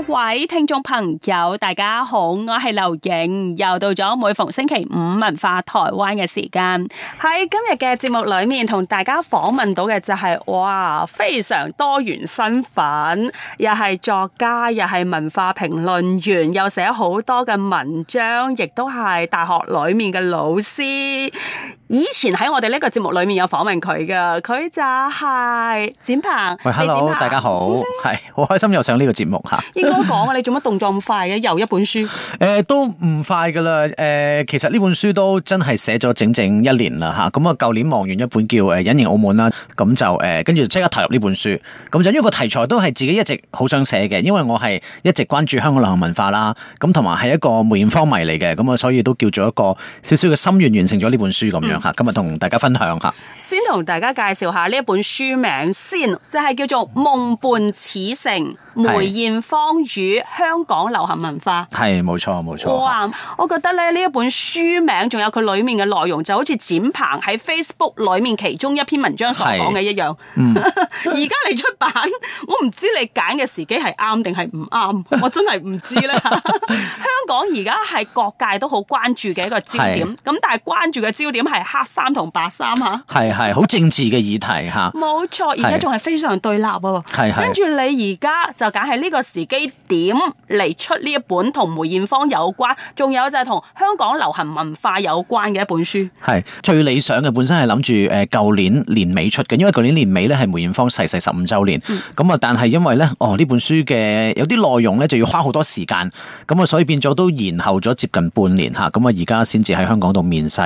各位聽眾朋友，大家好，我係劉穎，又到咗每逢星期五文化台灣嘅時間。喺今日嘅節目裏面，同大家訪問到嘅就係、是，哇，非常多元身份，又係作家，又係文化評論員，又寫好多嘅文章，亦都係大學裏面嘅老師。以前喺我哋呢個節目裏面有訪問佢噶，佢就係展鵬，鵬，Hello，大家好，係好開心又上呢個節目吓。應該講啊， 你做乜動作咁快嘅？又一本書？誒、呃，都唔快噶啦。誒、呃，其實呢本書都真係寫咗整整一年啦吓。咁啊，舊年望完一本叫《誒隱形澳門》啦，咁、啊、就誒跟住即刻投入呢本書。咁、啊、就因為個題材都係自己一直好想寫嘅，因為我係一直關注香港流行文化啦，咁同埋係一個梅艷芳迷嚟嘅，咁啊所以都叫做一個少少嘅心願完成咗呢本書咁樣。嗯今日同大家分享下，先同大家介紹下呢一本書名先，就係叫做《夢伴此城》梅艷芳與香港流行文化。係冇錯冇錯。哇！我覺得咧呢一本書名，仲有佢裏面嘅內容，就好似展鵬喺 Facebook 裏面其中一篇文章所講嘅一樣。而家 你出版，我唔知你揀嘅時機係啱定係唔啱，我真係唔知咧。 香港而家係各界都好關注嘅一個焦點，咁但係關注嘅焦點係。黑衫同白衫啊，係係好政治嘅議題嚇，冇錯，而且仲係非常對立啊。係跟住你而家就揀喺呢個時機點嚟出呢一本同梅艷芳有關，仲有就係同香港流行文化有關嘅一本書。係最理想嘅本身係諗住誒舊年年尾出嘅。因為舊年年尾咧係梅艷芳逝世十五週年，咁啊，但係因為咧，哦呢本書嘅有啲內容咧就要花好多時間，咁啊，所以變咗都延後咗接近半年嚇，咁啊，而家先至喺香港度面世，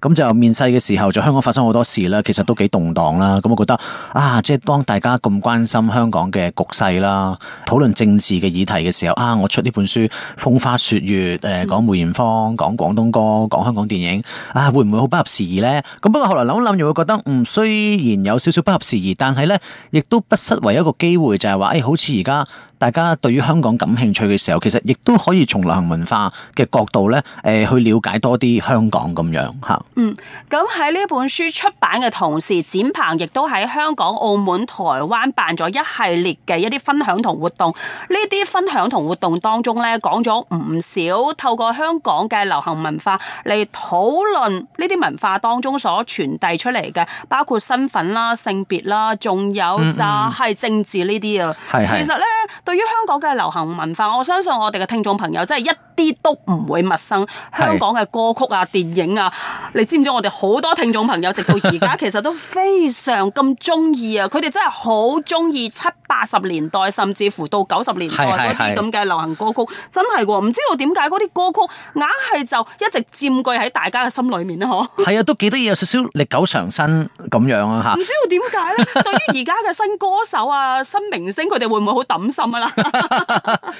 咁就變世嘅時候，在香港發生好多事啦，其實都幾動蕩啦。咁我覺得啊，即係當大家咁關心香港嘅局勢啦，討論政治嘅議題嘅時候啊，我出呢本書《風花雪月》，誒，講梅艷芳，講廣東歌，講香港電影，啊，會唔會好不合時宜呢？咁不過後來諗諗，又會覺得嗯，雖然有少少不合時宜，但係呢，亦都不失為一個機會就是說，就係話，誒，好似而家。大家對於香港感興趣嘅時候，其實亦都可以從流行文化嘅角度咧，誒去了解多啲香港咁樣嚇。嗯，咁喺呢本書出版嘅同時，展鵬亦都喺香港、澳門、台灣辦咗一系列嘅一啲分享同活動。呢啲分享同活動當中咧，講咗唔少透過香港嘅流行文化嚟討論呢啲文化當中所傳遞出嚟嘅，包括身份啦、性別啦，仲有就係政治呢啲啊。其實咧。係係對於香港嘅流行文化，我相信我哋嘅聽眾朋友真係一啲都唔會陌生，香港嘅歌曲啊、電影啊，你知唔知我哋好多聽眾朋友，直到而家其實都非常咁中意啊！佢 哋真係好中意七八十年代，甚至乎到九十年代嗰啲咁嘅流行歌曲，真係、哦，唔知道點解嗰啲歌曲硬係就一直佔據喺大家嘅心裏面咯，係啊，都幾得意，有少少歷久常新咁樣啊！嚇，唔知道點解咧？ 對於而家嘅新歌手啊、新明星，佢哋會唔會好抌心啊？啦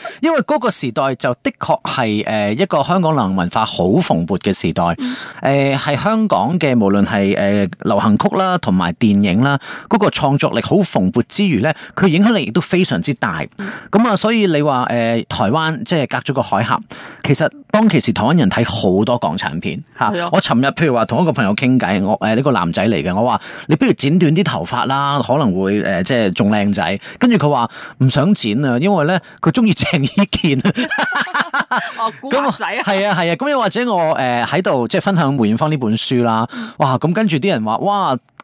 ，因為嗰個時代就的確係。係誒一個香港流行文化好蓬勃嘅時代，誒係香港嘅無論係誒流行曲啦，同埋電影啦，嗰個創作力好蓬勃之餘咧，佢影響力亦都非常之大。咁啊，所以你話誒台灣即係隔咗個海峽，其實當其時台灣人睇好多港產片吓。我尋日譬如話同一個朋友傾偈，我誒呢個男仔嚟嘅，我話你不如剪短啲頭髮啦，可能會誒即係仲靚仔。跟住佢話唔想剪啊，因為咧佢中意鄭伊健。 哦，古惑仔啊，係啊，係啊，咁又、啊、或者我誒喺度即係分享梅艷芳呢本書啦，哇，咁跟住啲人話，哇。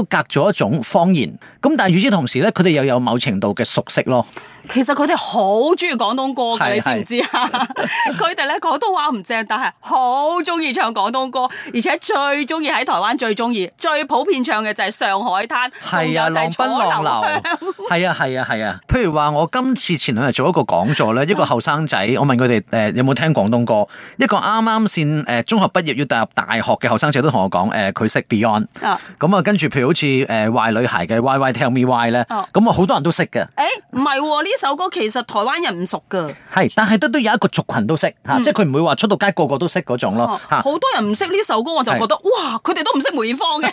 都隔咗一種方言，咁但係與此同時咧，佢哋又有某程度嘅熟悉咯。其實佢哋好中意廣東歌嘅，你知唔知啊？佢哋咧，廣東話唔正，但係好中意唱廣東歌，而且最中意喺台灣，最中意最普遍唱嘅就係《上海灘》，係啊，就浪奔浪流，係 啊，係啊，係啊、啊。譬如話我今次前兩日做一個講座咧， 一個後生仔，我問佢哋誒有冇聽廣東歌， 一個啱啱先誒中學畢業要踏入大學嘅後生仔都同我講誒佢識 Beyond，咁啊跟住譬如好似誒壞女孩嘅 Why Why Tell Me Why 咧，啊，咁啊好多人都識嘅。誒唔係呢？呢首歌其實台灣人唔熟噶，係，但係都都有一個族群都識嚇、嗯，即係佢唔會話出到街個個都識嗰種咯好、嗯、多人唔識呢首歌，我就覺得哇，佢哋都唔識梅艷芳嘅。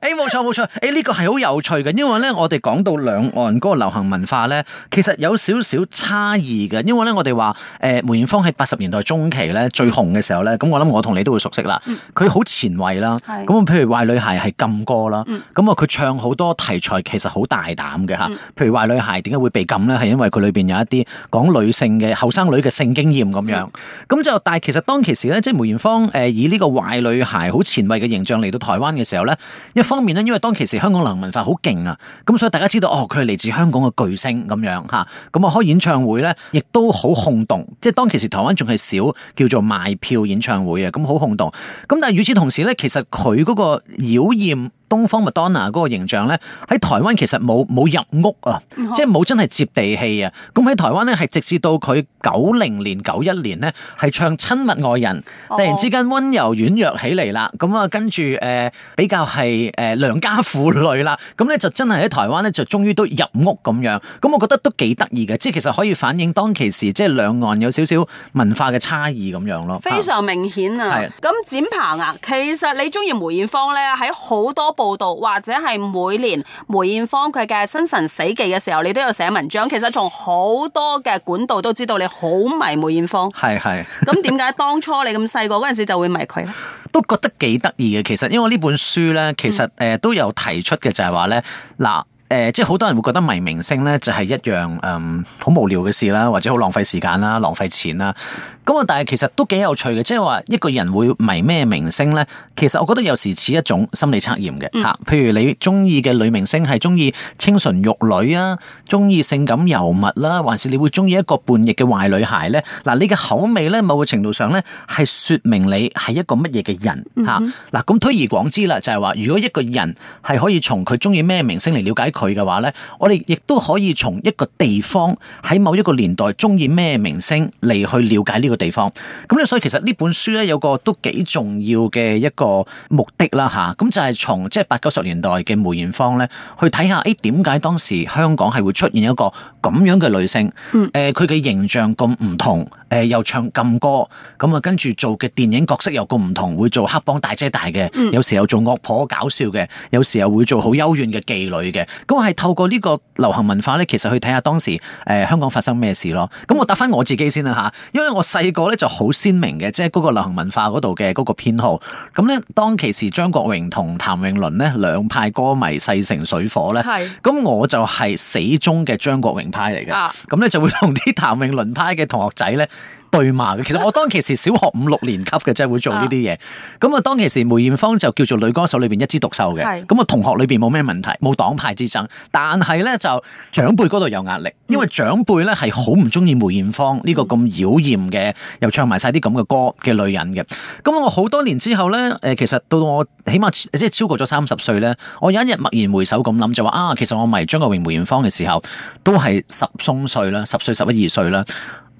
誒冇錯冇錯，誒呢、哎呢個係好有趣嘅，因為咧我哋講到兩岸嗰個流行文化咧，其實有少少差異嘅，因為咧我哋話誒梅艷芳喺八十年代中期咧最紅嘅時候咧，咁、嗯、我諗我同你都會熟悉啦。佢、嗯、好前衛啦，咁啊譬如壞女孩係禁歌啦，咁啊佢唱好多題材其實好大膽嘅嚇，譬如壞女孩點解會被禁？咧係因為佢裏邊有一啲講女性嘅後生女嘅性，性經驗咁樣，咁就但係其實當其時咧，即係梅艷芳誒以呢個壞女孩好前衛嘅形象嚟到台灣嘅時候咧，一方面咧因為當其時香港流行文化好勁啊，咁所以大家知道哦佢係嚟自香港嘅巨星咁樣吓，咁啊開演唱會咧亦都好轟動，即係當其時台灣仲係少叫做賣票演唱會啊，咁好轟動，咁但係與此同時咧，其實佢嗰個妖艷。東方麥當娜嗰個形象咧，喺台灣其實冇冇入屋啊，即係冇真係接地氣啊。咁喺台灣咧，係直至到佢九零年九一年咧，係唱親密愛人，突然之間溫柔軟弱起嚟啦。咁啊，跟住誒、呃、比較係誒良家婦女啦。咁咧就真係喺台灣咧，就終於都入屋咁樣，咁我覺得都幾得意嘅，即係其實可以反映當其時即係兩岸有少少文化嘅差異咁樣咯。非常明顯啊！咁展鵬啊，其實你中意梅艷芳咧，喺好多。報道或者係每年梅艷芳佢嘅生辰死忌嘅時候，你都有寫文章。其實從好多嘅管道都知道你好迷梅艷芳。係係。咁點解當初你咁細個嗰陣時候就會迷佢 都覺得幾得意嘅。其實因為呢本書呢，其實誒都有提出嘅就係話呢。嗱、嗯。誒、呃，即係好多人會覺得迷明星咧，就係、是、一樣嗯好無聊嘅事啦，或者好浪費時間啦，浪費錢啦。咁啊，但係其實都幾有趣嘅，即係話一個人會迷咩明星咧？其實我覺得有時似一種心理測驗嘅吓、嗯。譬如你中意嘅女明星係中意清純玉女啊，中意性感尤物啦，還是你會中意一個叛逆嘅壞女孩咧？嗱，你嘅口味咧，某個程度上咧係說明你係一個乜嘢嘅人吓。嗱、嗯，咁、啊、推而廣之啦，就係、是、話如果一個人係可以從佢中意咩明星嚟了解。佢嘅話咧，我哋亦都可以從一個地方喺某一個年代中意咩明星嚟，去了解呢個地方。咁咧，所以其實呢本書咧有個都幾重要嘅一個目的啦，吓咁就係從即係八九十年代嘅梅艷芳咧，去睇下誒，點解當時香港係會出現一個咁樣嘅女性，誒佢嘅形象咁唔同。誒，又唱禁歌，咁啊，跟住做嘅電影角色又個唔同，會做黑幫大姐大嘅，嗯，有時候做惡婆搞笑嘅，有時候會做好幽怨嘅妓女嘅。咁我係透過呢個流行文化咧，其實去睇下當時誒，呃、香港發生咩事咯。咁我答翻我自己先啦吓，因為我細個咧就好鮮明嘅，即係嗰個流行文化嗰度嘅嗰個偏好。咁咧當其時張國榮同譚詠麟咧兩派歌迷勢成水火咧，咁我就係死忠嘅張國榮派嚟嘅。咁、啊、咧就會同啲譚詠麟派嘅同學仔咧。對罵嘅，其實我當其時小學五六年級嘅，真係會做呢啲嘢。咁啊，當其時梅艷芳就叫做女歌手裏邊一枝獨秀嘅。咁啊，同學裏邊冇咩問題，冇黨派之爭。但係咧，就長輩嗰度有壓力，因為長輩咧係好唔中意梅艷芳呢個咁妖艷嘅，又唱埋晒啲咁嘅歌嘅女人嘅。咁我好多年之後咧，誒，其實到我起碼即係超過咗三十歲咧，我有一日默然回首咁諗就話啊，其實我迷張國榮、梅艷芳嘅時候，都係十鬆歲啦，十歲、十一二歲啦。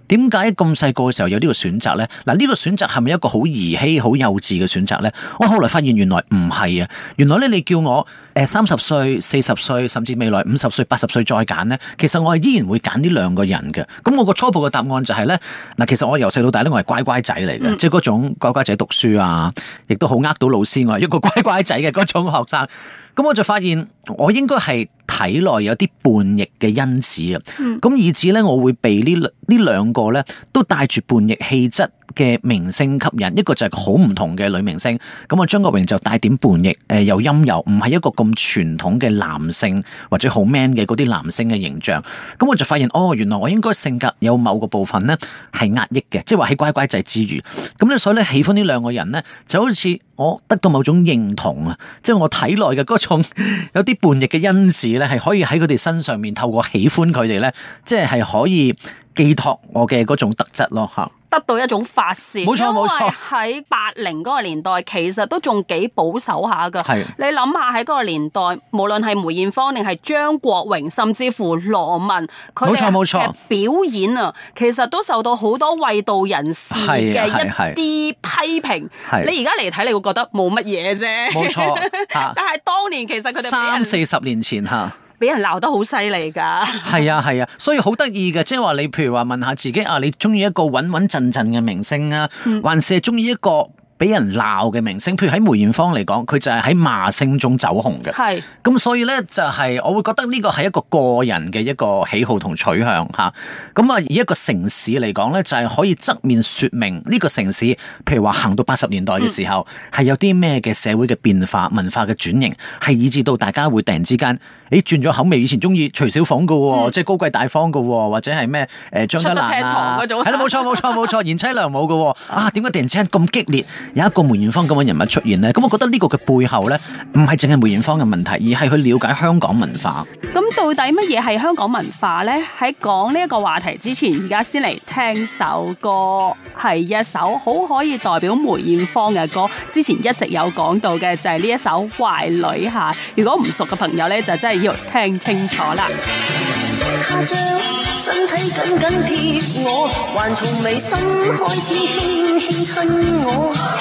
點解咁細個嘅時候有呢個選擇呢？嗱，呢個選擇係咪一個好兒戲、好幼稚嘅選擇呢？我後來發現原來唔係啊！原來咧，你叫我誒，三十歲、四十歲，甚至未來五十歲、八十歲再揀呢？其實我係依然會揀呢兩個人嘅。咁我個初步嘅答案就係呢。嗱，其實我由細到大咧，我係乖乖仔嚟嘅，嗯，即係嗰種乖乖仔讀書啊，亦都好呃到老師，我係一個乖乖仔嘅嗰種學生。咁我就發現我應該係體內有啲叛逆嘅因子啊！咁、嗯、以致咧，我會被呢兩呢兩個咧，都帶住叛逆氣質嘅明星吸引，一個就係好唔同嘅女明星。咁啊，張國榮就帶點叛逆，誒，又陰柔，唔係一個咁傳統嘅男性或者好 man 嘅嗰啲男性嘅形象。咁我就發現，哦，原來我應該性格有某個部分咧係壓抑嘅，即係話喺乖乖仔之餘，咁咧所以咧喜歡呢兩個人咧，就好似我得到某種認同啊，即係我體內嘅嗰種 有啲叛逆嘅因子咧，係可以喺佢哋身上面透過喜歡佢哋咧，即係係可以寄託我嘅嗰種特質咯，吓。得到一種發洩，因為喺八零嗰個年代，其實都仲幾保守下噶。你諗下喺嗰個年代，無論係梅艷芳定係張國榮，甚至乎羅文，佢嘅表演啊，其實都受到好多衛道人士嘅一啲批評。你而家嚟睇，你會覺得冇乜嘢啫。冇錯， 但係當年其實佢哋三四十年前嚇。俾人鬧得好犀利噶，係啊係啊，所以好得意嘅，即係話你，譬如話問一下自己啊，你中意一個穩穩陣陣嘅明星啊，還是中意一個？俾人鬧嘅明星，譬如喺梅艷芳嚟講，佢就係喺罵聲中走紅嘅。係咁，所以咧就係、是、我會覺得呢個係一個個人嘅一個喜好同取向吓。咁啊，啊，以一個城市嚟講咧，就係、是、可以側面說明呢、這個城市，譬如話行到八十年代嘅時候，係、嗯、有啲咩嘅社會嘅變化、文化嘅轉型，係以致到大家會突然之間，誒轉咗口味，以前中意徐小鳳嘅、哦嗯，即係高貴大方嘅、哦，或者係咩誒張德蘭啊嗰種，係啦，冇錯冇錯冇錯，賢妻良母嘅，啊，點 解、哦啊、突然之間咁激烈？有一個梅艷芳咁嘅人物出現呢，咁我覺得呢個嘅背後呢，唔係淨係梅艷芳嘅問題，而係去了解香港文化。咁到底乜嘢係香港文化呢？喺講呢一個話題之前，而家先嚟聽首歌，係一首好可以代表梅艷芳嘅歌。之前一直有講到嘅就係呢一首《壞女孩》。如果唔熟嘅朋友呢，就真係要聽清楚啦。身體緊緊貼我，還從眉心開始輕輕親親我。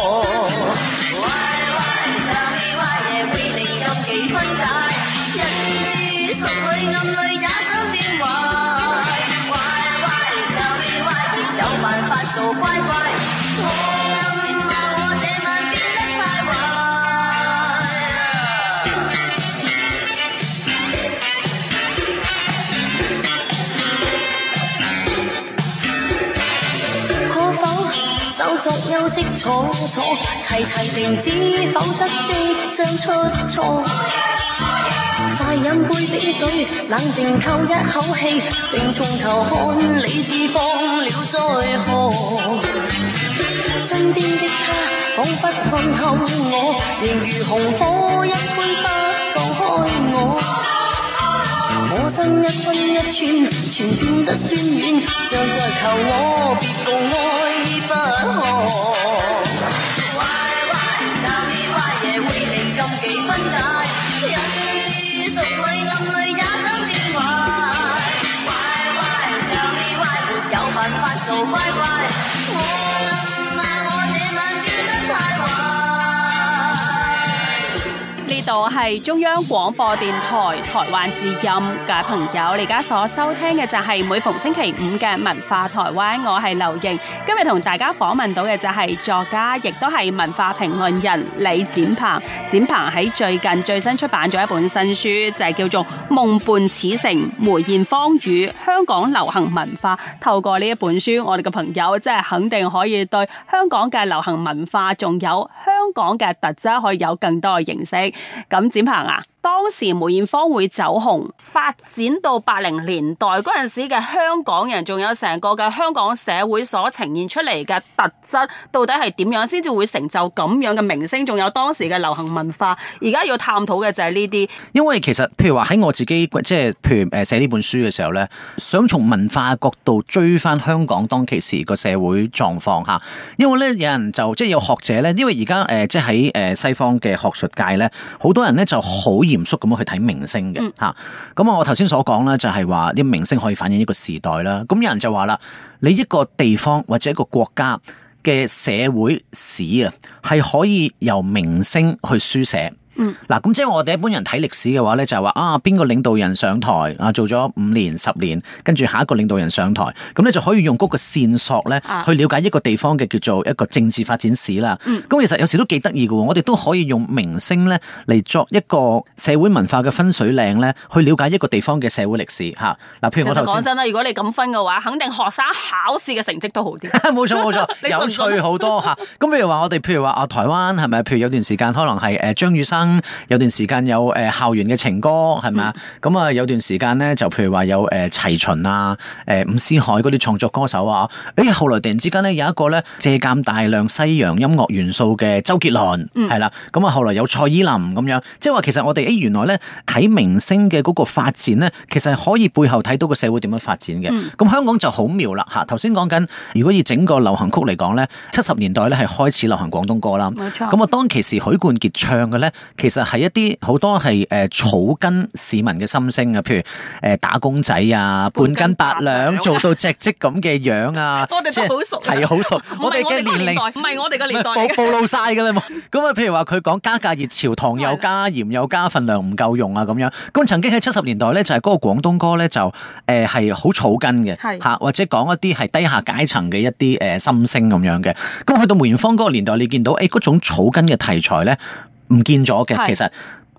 色楚楚，齊齊停止，否則即將出錯。快飲杯冰水，冷靜透一口氣，並從頭看，理智放了再看。身邊的他，仿佛看透我，仍如紅火一般。我心一分一寸，全變得酸軟，像在求我別共愛不可。我係中央廣播電臺台灣之音嘅朋友，你而家所收聽嘅就係每逢星期五嘅文化台灣。我係劉瑩，今日同大家訪問到嘅就係作家，亦都係文化評論人李展鵬。展鵬喺最近最新出版咗一本新書，就係叫做《夢伴此城：梅艷芳與香港流行文化》。透過呢一本書，我哋嘅朋友真係肯定可以對香港嘅流行文化，仲有香港嘅特質，可以有更多嘅認識。咁展鵬啊！當時梅艷芳會走紅發展到八零年代嗰陣時嘅香港人，仲有成個嘅香港社會所呈現出嚟嘅特質，到底係點樣先至會成就咁樣嘅明星？仲有當時嘅流行文化，而家要探討嘅就係呢啲。因為其實譬如話喺我自己即係，譬如誒寫呢本書嘅時候咧，想從文化角度追翻香港當其時個社會狀況吓，因為咧，有人就即係有學者咧，因為而家誒即係喺誒西方嘅學術界咧，好多人咧就好。嚴肅咁樣去睇明星嘅吓，咁啊我頭先所講呢，就係話啲明星可以反映一個時代啦。咁有人就話啦，你一個地方或者一個國家嘅社會史啊，係可以由明星去書寫。嗱、嗯，咁即係我哋一般人睇歷史嘅話咧，就係、是、話啊，邊個領導人上台啊，做咗五年、十年，跟住下一個領導人上台，咁你就可以用嗰個線索咧去了解一個地方嘅叫做一個政治發展史啦。咁、嗯、其實有時都幾得意嘅，我哋都可以用明星咧嚟，作一個社會文化嘅分水嶺咧，去了解一個地方嘅社會歷史吓。嗱、啊，譬如我講真啦，如果你咁分嘅話，肯定學生考試嘅成績都好啲。冇錯冇錯，有趣好多吓。咁、啊、譬如話我哋，譬如話啊，台灣係咪？譬如有段時間可能係誒張雨生。有段時間有誒校園嘅情歌係咪？咁啊、嗯、有段時間咧就譬如話有誒齊秦啊、誒伍思凱嗰啲創作歌手啊，誒、哎、後來突然之間咧有一個咧借鑒大量西洋音樂元素嘅周杰倫係啦，咁、嗯、啊後來有蔡依林咁樣，即係話其實我哋誒原來咧睇明星嘅嗰個發展咧，其實係可以背後睇到個社會點樣發展嘅。咁、嗯、香港就好妙啦吓，頭先講緊如果以整個流行曲嚟講咧，七十年代咧係開始流行廣東歌啦，冇錯，咁啊當其時許冠傑唱嘅咧。其實係一啲好多係誒草根市民嘅心聲啊，譬如誒、呃、打工仔啊，半斤八兩，斤八兩 做到隻積咁嘅樣啊， 就是、我哋都好熟，熟，係好熟，我哋嘅年齡唔係我哋嘅年代，暴暴露晒噶啦，咁啊，譬如話佢講加價熱潮，糖又加鹽 又，又加，份量唔夠用啊，咁樣。咁曾經喺七十年代咧，就係、是、嗰個廣東歌咧就誒係好草根嘅，吓或者講一啲係低下階層嘅一啲誒、呃、心聲咁樣嘅。咁去到梅艷芳嗰個年代，你見到誒嗰、哎、種草根嘅題材咧，唔見咗嘅，其實。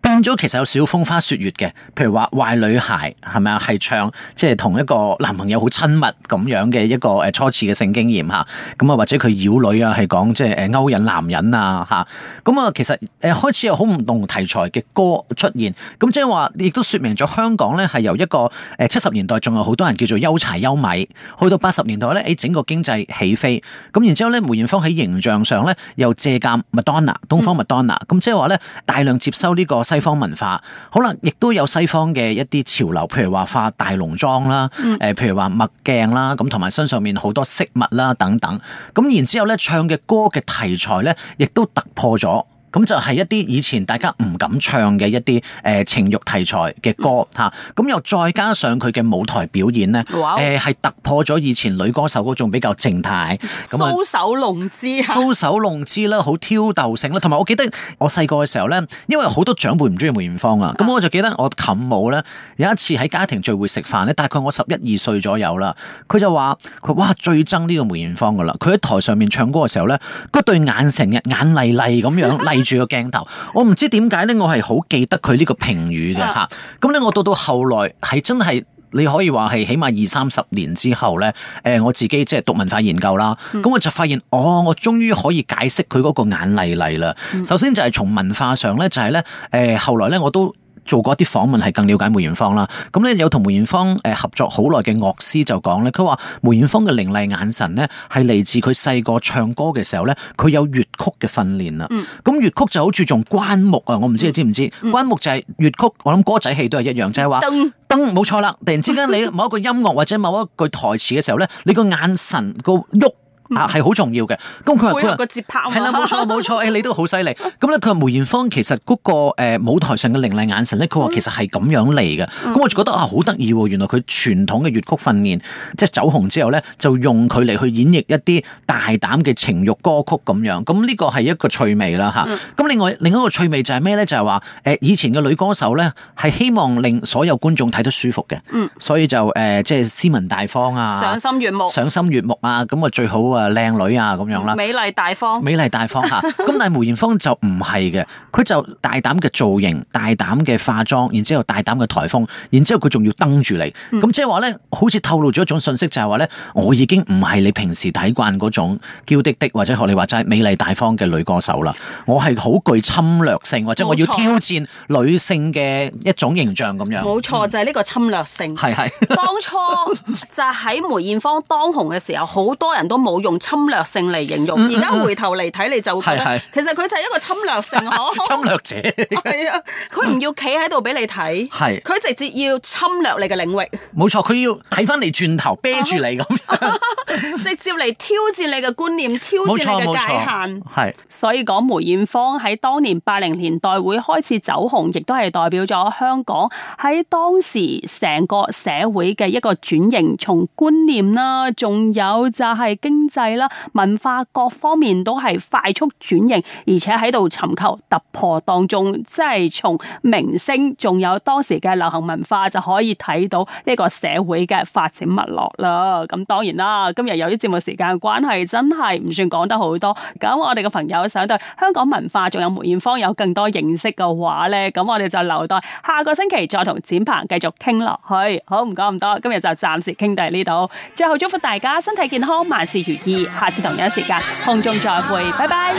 變咗其實有少少風花雪月嘅，譬如話壞女孩係咪啊？係唱即係同一個男朋友好親密咁樣嘅一個誒初次嘅性經驗吓，咁啊或者佢妖女啊係講即係誒勾引男人啊吓，咁啊其實誒開始有好唔同題材嘅歌出現，咁即係話亦都說明咗香港咧係由一個誒七十年代仲有好多人叫做憂柴憂米，去到八十年代咧，誒整個經濟起飛，咁然之後咧梅艷芳喺形象上咧又借鑑麥當娜、東方麥當娜，咁即係話咧大量接收呢個。西方文化，可能亦都有西方嘅一啲潮流，譬如話化大濃妝啦，誒、嗯，譬如話墨鏡啦，咁同埋身上面好多飾物啦，等等。咁然之後咧，唱嘅歌嘅題材咧，亦都突破咗。咁就係一啲以前大家唔敢唱嘅一啲誒情欲題材嘅歌吓，咁、嗯、又再加上佢嘅舞台表演呢誒係突破咗以前女歌手嗰種比較靜態，搔首弄姿，搔首弄姿啦，好挑逗性啦。同 埋我記得我細個嘅時候呢，因為好多長輩唔中意梅艷芳啊，咁、嗯、我就記得我舅母呢，有一次喺家庭聚會食飯呢，大概我十一二歲左右啦，佢就話佢，哇最憎呢個梅艷芳噶啦，佢喺台上面唱歌嘅時候呢，嗰對眼成日眼麗麗咁樣住個鏡頭，我唔知點解咧，我係好記得佢呢個評語嘅吓。咁咧，我到到後來係真係，你可以話係起碼二三十年之後咧，誒，我自己即係讀文化研究啦。咁、mm. 我就發現，哦，我終於可以解釋佢嗰個眼厲厲啦。Mm. 首先就係從文化上咧，就係咧，誒，後來咧我都。做過一啲訪問係更了解梅艷芳啦，咁咧有同梅艷芳誒合作好耐嘅樂師就講咧，佢話梅艷芳嘅凌厲眼神咧係嚟自佢細個唱歌嘅時候咧，佢有粵曲嘅訓練啦。咁、嗯、粵曲就好注重關目啊，我唔知你知唔知？關目就係粵曲，我諗歌仔戲都係一樣，就係話燈燈冇錯啦。突然之間你某一個音樂或者某一句台詞嘅時候咧，你個眼神個喐。 是嗯嗯、啊，係好重要嘅。咁佢話：佢話個節拍，係啦，冇錯冇錯。誒， 你都好犀利。咁、嗯、咧，佢、嗯、話梅艷芳其實嗰個舞台上嘅凌厲眼神咧，佢、嗯、話其實係咁樣嚟嘅。咁、嗯嗯、我就覺得啊，好得意喎！原來佢傳統嘅粵曲訓練，即係走紅之後咧，就用佢嚟去演繹一啲大膽嘅情慾歌曲咁樣。咁呢個係一個趣味啦，嚇、嗯。咁、嗯、另外另一個趣味就係咩咧？就係話誒，以前嘅女歌手咧，係希望令所有觀眾睇得舒服嘅、嗯。所以就誒、呃，即係斯文大方啊，賞心悅目，賞心悅目啊。咁啊，最好啊。誒，靚女啊，咁樣啦，美麗大方，美麗大方吓，咁 但係梅艷芳就唔係嘅，佢就大膽嘅造型，大膽嘅化妝，然之後大膽嘅台風，然之後佢仲要登住你，咁、嗯、即係話咧，好似透露咗一種信息，就係話咧，我已經唔係你平時睇慣嗰種嬌滴滴或者學你話齋美麗大方嘅女歌手啦，我係好具侵略性或者我要挑戰女性嘅一種形象咁樣。冇錯、嗯、冇錯就係、係、呢個侵略性，係、嗯、係，當初就喺梅艷芳當紅嘅時候，好 多人都冇用。從侵略性嚟形容，而家回頭嚟睇你就、嗯嗯，其實佢就係一個侵略性是是侵略者。係啊，佢唔要企喺度俾你睇，係佢直接要侵略你嘅領域。冇錯，佢要睇翻嚟轉頭啤住你咁、啊啊啊，直接嚟挑戰你嘅觀念，挑戰你嘅界限。係，所以講梅艷芳喺當年八零年代會開始走紅，亦都係代表咗香港喺當時成個社會嘅一個轉型，從觀念啦，仲有就係經濟。係啦，文化各方面都係快速轉型，而且喺度尋求突破當中，即係從明星仲有當時嘅流行文化就可以睇到呢個社會嘅發展脈絡啦。咁當然啦，今日由於節目時間關係，真係唔算講得好多。咁我哋嘅朋友想對香港文化仲有梅艷芳有更多認識嘅話呢，咁我哋就留待下個星期再同展鵬繼續傾落去。好，唔講咁多，今日就暫時傾到呢度。最後祝福大家身體健康，萬事如意。而下次同樣時間空中再會，拜拜。